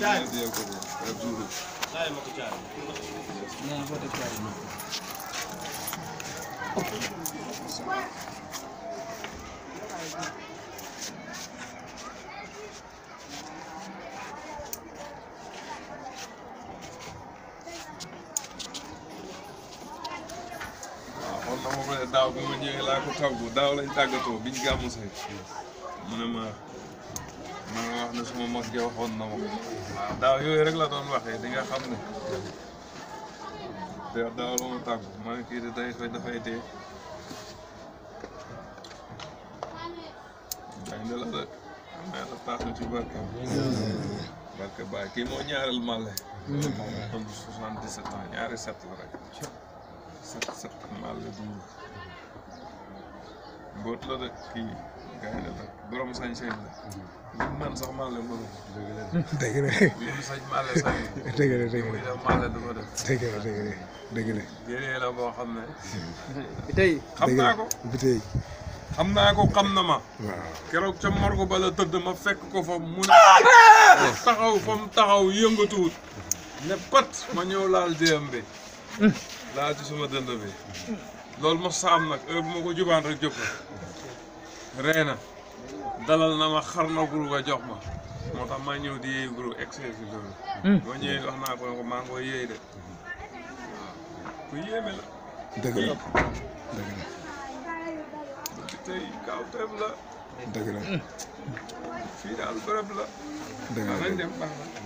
chai. Abzuru. Chai mako chai. Na ngote chai. daaw bi ma ñëwee laa ko tàggu daaw lañ tàggatoo biñ gàmmu say mu ne ma wax ne suma mag ja waxoon na ma ko waaw daaw yooyu rek la doon waxee di nga xam ne daaw daaw la ma tàggu ma ne kii di day fay dafay dee dañ ne la de mais la taas ci barkeem barke baay kii moo ñaareel màlle kon soixante-dix-sept ans ñaari sept la rek sept sept màlle duur mbóot la de kii gaynde la borom sañ-sañ la. li mhm. man boo xam ne. bi tey xam naa ko xam na ma. keroog ca morgo ba la tëdd ma fekk ko fa mu ne. Ah! taxaw fa mu taxaw yëngatuwut. ne pat ma ñëw laal déem bi. laal ci suma dënd bi. loolu ma saam nag heure ma ko jubaan rek jóg na. dalal na ma xar na groupe jox ma moo tax maa ñëw di yéey groupe excès si loolu boo ñëwee naa ko maa ngoo yéey de waaw ku yéeme la dëgg la dëgg la bi tey la dëgg la fii daal bërëb la dëgg la dem baax na